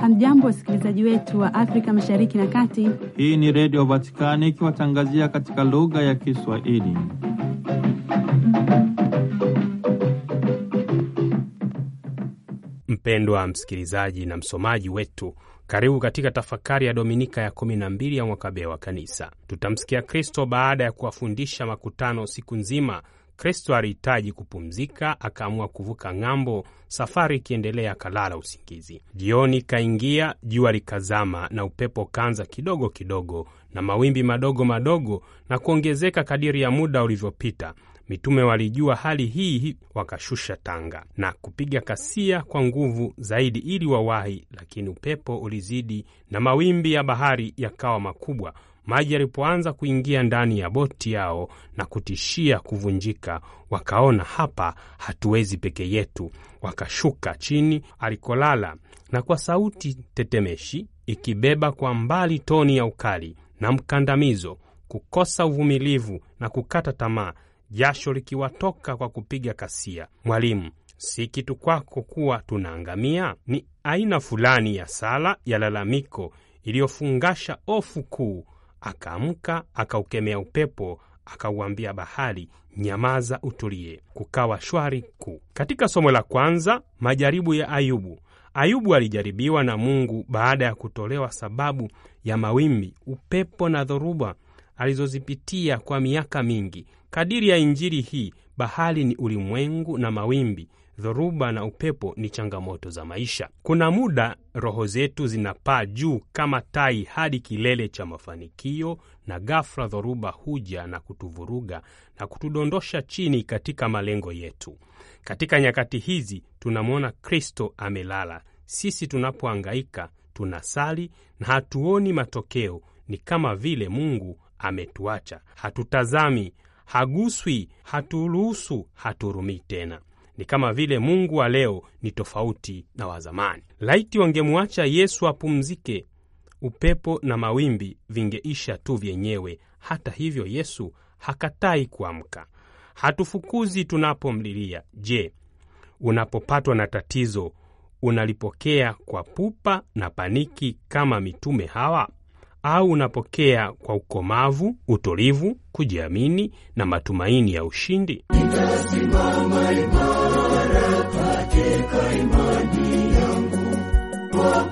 Hamjambo, wasikilizaji wetu wa Afrika mashariki na kati. Hii ni Redio Vatikani ikiwatangazia katika lugha ya Kiswahili. Mm. Mpendwa msikilizaji na msomaji wetu, karibu katika tafakari ya Dominika ya 12 ya mwaka B wa Kanisa. Tutamsikia Kristo baada ya kuwafundisha makutano siku nzima Kristo alihitaji kupumzika, akaamua kuvuka ng'ambo, safari ikiendelea, akalala usingizi. Jioni ikaingia, jua likazama na upepo ukaanza kidogo kidogo na mawimbi madogo madogo na kuongezeka kadiri ya muda ulivyopita. Mitume walijua hali hii, wakashusha tanga na kupiga kasia kwa nguvu zaidi ili wawahi, lakini upepo ulizidi na mawimbi ya bahari yakawa makubwa. Maji yalipoanza kuingia ndani ya boti yao na kutishia kuvunjika, wakaona hapa hatuwezi peke yetu, wakashuka chini alikolala, na kwa sauti tetemeshi ikibeba kwa mbali toni ya ukali na mkandamizo, kukosa uvumilivu na kukata tamaa, jasho likiwatoka kwa kupiga kasia, mwalimu si kitu kwako kuwa tunaangamia. Ni aina fulani ya sala ya lalamiko iliyofungasha ofu kuu Akaamka, akaukemea upepo, akauambia bahari, nyamaza, utulie. Kukawa shwari kuu. Katika somo la kwanza, majaribu ya Ayubu. Ayubu alijaribiwa na Mungu baada ya kutolewa sababu ya mawimbi, upepo na dhoruba alizozipitia kwa miaka mingi. Kadiri ya Injili hii bahari ni ulimwengu na mawimbi, dhoruba na upepo ni changamoto za maisha. Kuna muda roho zetu zinapaa juu kama tai hadi kilele cha mafanikio, na ghafla dhoruba huja na kutuvuruga na kutudondosha chini katika malengo yetu. Katika nyakati hizi tunamwona Kristo amelala. Sisi tunapoangaika tunasali na hatuoni matokeo, ni kama vile Mungu ametuacha. Hatutazami haguswi, haturuhusu, haturumii tena. Ni kama vile Mungu wa leo ni tofauti na wa zamani. Laiti wangemwacha Yesu apumzike, upepo na mawimbi vingeisha tu vyenyewe. Hata hivyo, Yesu hakatai kuamka, hatufukuzi tunapomlilia. Je, unapopatwa na tatizo unalipokea kwa pupa na paniki kama mitume hawa? au unapokea kwa ukomavu, utulivu, kujiamini na matumaini ya ushindi? Nitasimama imara katika imani yangu kwa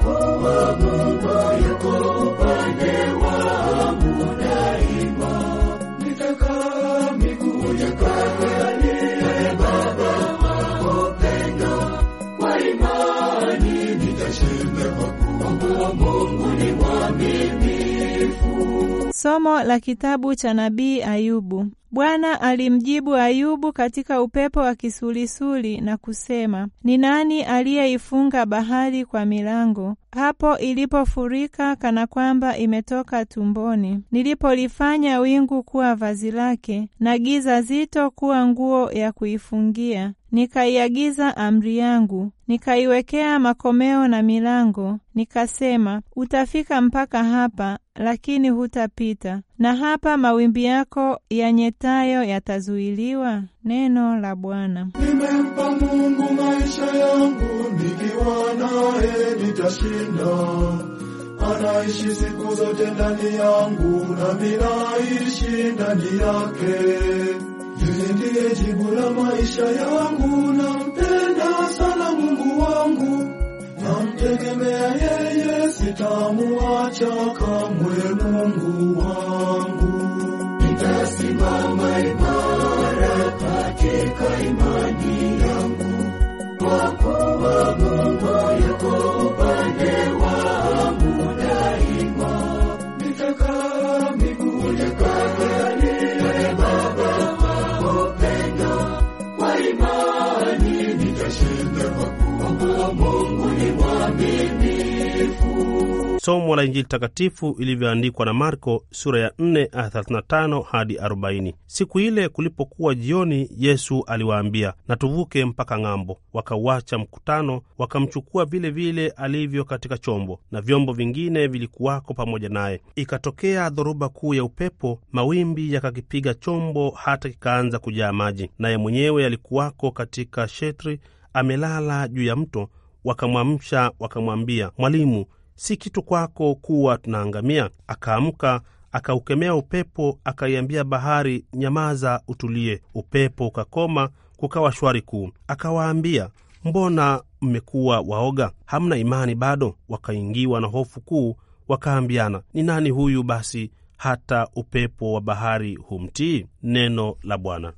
Somo la kitabu cha nabii Ayubu. Bwana alimjibu Ayubu katika upepo wa kisulisuli na kusema, ni nani aliyeifunga bahari kwa milango, hapo ilipofurika kana kwamba imetoka tumboni, nilipolifanya wingu kuwa vazi lake na giza zito kuwa nguo ya kuifungia, nikaiagiza amri yangu, nikaiwekea makomeo na milango, nikasema, utafika mpaka hapa, lakini hutapita na hapa mawimbi yako yanyetayo yatazuiliwa? Neno la Bwana. Nimempa Mungu maisha yangu, nikiwa naye nitashinda. Anaishi siku zote ndani yangu, nami naishi ndani yake. Yeye ndiye jibu la maisha yangu, nampenda sana Mungu wangu, namtegemea yeye 达乌阿加康为蒙古王。somo la Injili takatifu ilivyoandikwa na Marko sura ya 4 aya 35 hadi 40. Siku ile kulipokuwa jioni, Yesu aliwaambia, na tuvuke mpaka ng'ambo. Wakauacha mkutano, wakamchukua vile vile alivyo katika chombo, na vyombo vingine vilikuwako pamoja naye. Ikatokea dhoruba kuu ya upepo, mawimbi yakakipiga chombo, hata kikaanza kujaa maji, naye mwenyewe alikuwako katika shetri, amelala juu ya mto. Wakamwamsha wakamwambia, Mwalimu, si kitu kwako kuwa tunaangamia. Akaamka, akaukemea upepo, akaiambia bahari, nyamaza, utulie. Upepo ukakoma, kukawa shwari kuu. Akawaambia, mbona mmekuwa waoga? Hamna imani bado? Wakaingiwa na hofu kuu, wakaambiana, ni nani huyu basi hata upepo wa bahari humtii? Neno la Bwana.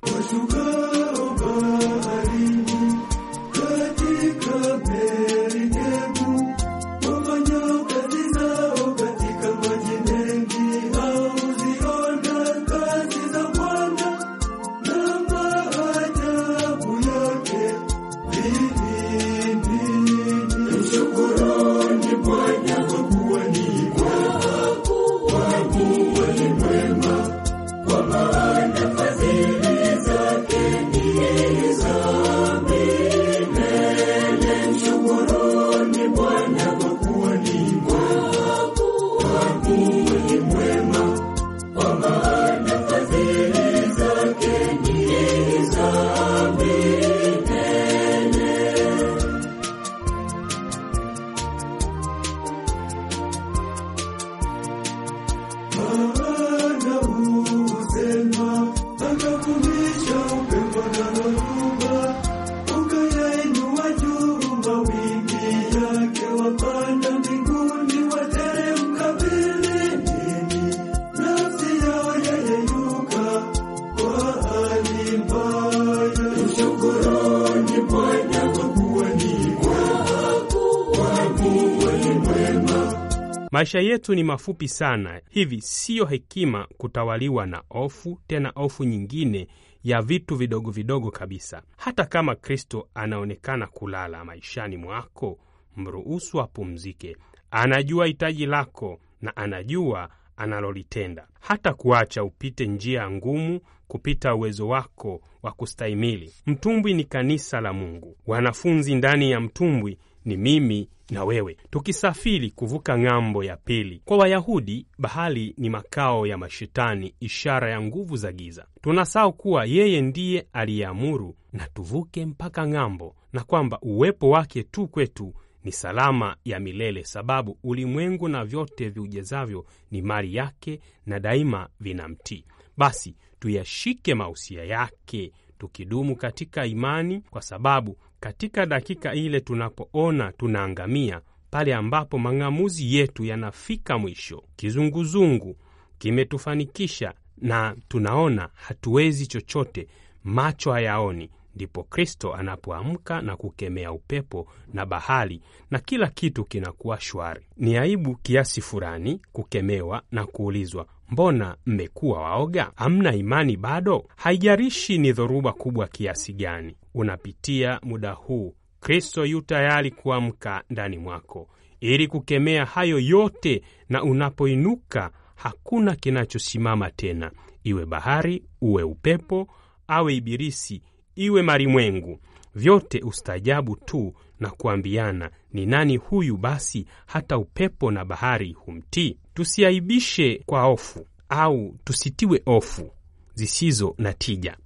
Maisha yetu ni mafupi sana, hivi siyo hekima kutawaliwa na ofu tena ofu nyingine ya vitu vidogo vidogo kabisa. Hata kama Kristo anaonekana kulala maishani mwako, mruhusu apumzike. Anajua hitaji lako na anajua analolitenda. Hata kuacha upite njia ngumu kupita uwezo wako wa kustahimili. Mtumbwi ni kanisa la Mungu. Wanafunzi ndani ya mtumbwi ni mimi na wewe tukisafiri kuvuka ng'ambo ya pili. Kwa Wayahudi, bahari ni makao ya mashetani, ishara ya nguvu za giza. Tunasahau kuwa yeye ndiye aliyeamuru na tuvuke mpaka ng'ambo, na kwamba uwepo wake tu kwetu ni salama ya milele, sababu ulimwengu na vyote viujezavyo ni mali yake na daima vinamtii. Basi tuyashike mausia yake tukidumu katika imani, kwa sababu katika dakika ile tunapoona tunaangamia, pale ambapo mang'amuzi yetu yanafika mwisho, kizunguzungu kimetufanikisha na tunaona hatuwezi chochote, macho hayaoni, ndipo Kristo anapoamka na kukemea upepo na bahari na kila kitu kinakuwa shwari. Ni aibu kiasi fulani kukemewa na kuulizwa Mbona mmekuwa waoga? Hamna imani bado? haijarishi ni dhoruba kubwa kiasi gani unapitia muda huu, Kristo yu tayari kuamka ndani mwako ili kukemea hayo yote, na unapoinuka hakuna kinachosimama tena, iwe bahari, uwe upepo, awe ibilisi, iwe marimwengu, vyote ustajabu tu na kuambiana, ni nani huyu basi hata upepo na bahari humtii? Tusiaibishe kwa hofu au tusitiwe hofu zisizo na tija,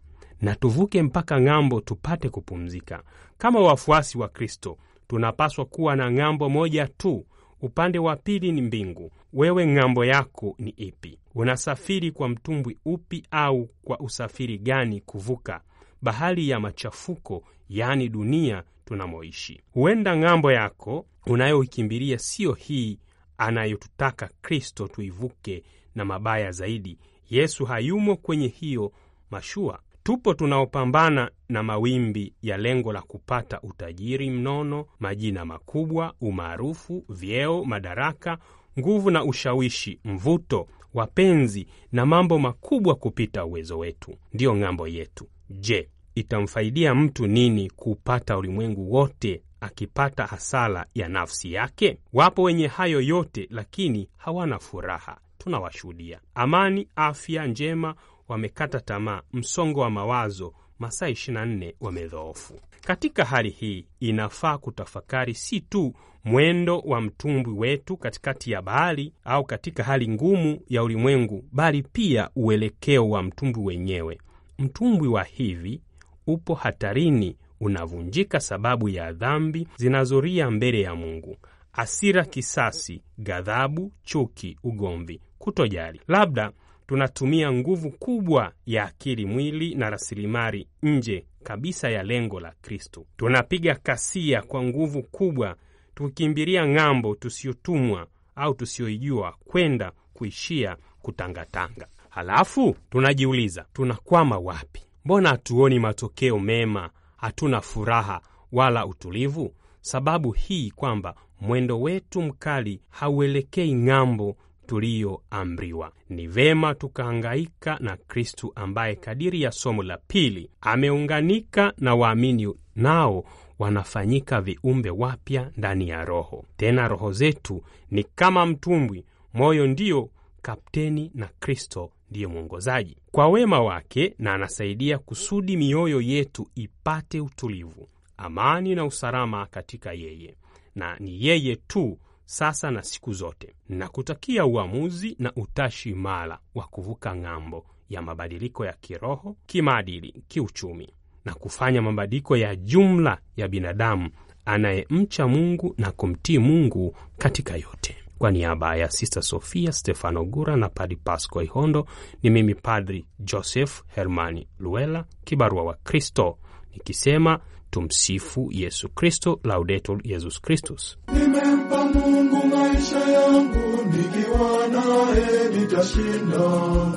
na tuvuke mpaka ng'ambo tupate kupumzika. Kama wafuasi wa Kristo tunapaswa kuwa na ng'ambo moja tu. Upande wa pili ni mbingu. Wewe ng'ambo yako ni ipi? Unasafiri kwa mtumbwi upi au kwa usafiri gani kuvuka bahari ya machafuko, yaani dunia tunamoishi. Huenda ng'ambo yako unayoikimbilia siyo hii anayotutaka Kristo tuivuke, na mabaya zaidi, Yesu hayumo kwenye hiyo mashua. Tupo tunaopambana na mawimbi ya lengo la kupata utajiri mnono, majina makubwa, umaarufu, vyeo, madaraka, nguvu na ushawishi, mvuto, wapenzi na mambo makubwa kupita uwezo wetu. Ndiyo ng'ambo yetu. Je, itamfaidia mtu nini kupata ulimwengu wote akipata hasara ya nafsi yake? Wapo wenye hayo yote lakini hawana furaha, tunawashuhudia. Amani, afya njema, wamekata tamaa, msongo wa mawazo, masaa 24 wamedhoofu. Katika hali hii, inafaa kutafakari si tu mwendo wa mtumbwi wetu katikati ya bahari au katika hali ngumu ya ulimwengu, bali pia uelekeo wa mtumbwi wenyewe. Mtumbwi wa hivi upo hatarini, unavunjika sababu ya dhambi zinazoria mbele ya Mungu: asira, kisasi, ghadhabu, chuki, ugomvi, kutojali. Labda tunatumia nguvu kubwa ya akili, mwili na rasilimali nje kabisa ya lengo la Kristo. Tunapiga kasia kwa nguvu kubwa, tukikimbilia ng'ambo tusiyotumwa au tusiyoijua, kwenda kuishia kutangatanga. Halafu tunajiuliza tunakwama wapi? Mbona hatuoni matokeo mema? Hatuna furaha wala utulivu? Sababu hii kwamba mwendo wetu mkali hauelekei ng'ambo tuliyoamriwa. Ni vema tukahangaika na Kristu ambaye kadiri ya somo la pili ameunganika na waamini, nao wanafanyika viumbe wapya ndani ya Roho. Tena roho zetu ni kama mtumbwi, moyo ndiyo kapteni na Kristo ndiye mwongozaji kwa wema wake, na anasaidia kusudi mioyo yetu ipate utulivu, amani na usalama katika yeye, na ni yeye tu sasa na siku zote. Nakutakia uamuzi na utashi imara wa kuvuka ng'ambo ya mabadiliko ya kiroho, kimaadili, kiuchumi na kufanya mabadiliko ya jumla ya binadamu anayemcha Mungu na kumtii Mungu katika yote. Kwa niaba ya Sista Sofia Stefano Gura na padri Pasco Ihondo, ni mimi Padri Joseph Hermani Luela, kibarua wa Kristo, nikisema tumsifu Yesu Kristo, Laudetur Yesus Kristus. Nimempa Mungu maisha yangu, nikiwa naye nitashinda.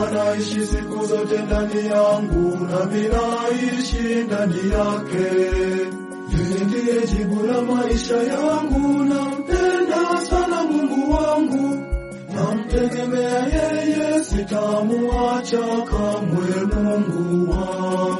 Anaishi siku zote ndani yangu, nami naishi ndani yake. Yeye ndiye jibu la maisha yangu, nampenda Tegemea yeye, sitamwacha kamwe Mungu wangu.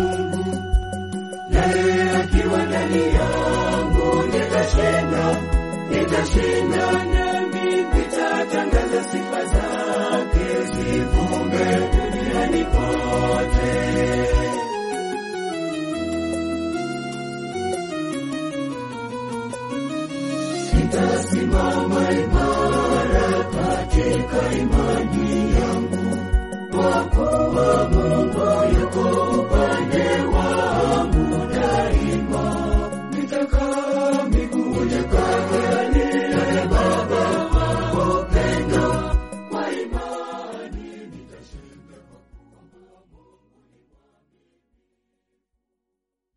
nitashinda, nitashinda nami nitatangaza sifa zake zivume duniani kote. Nitasimama imara katika imani yangu kwa kuwa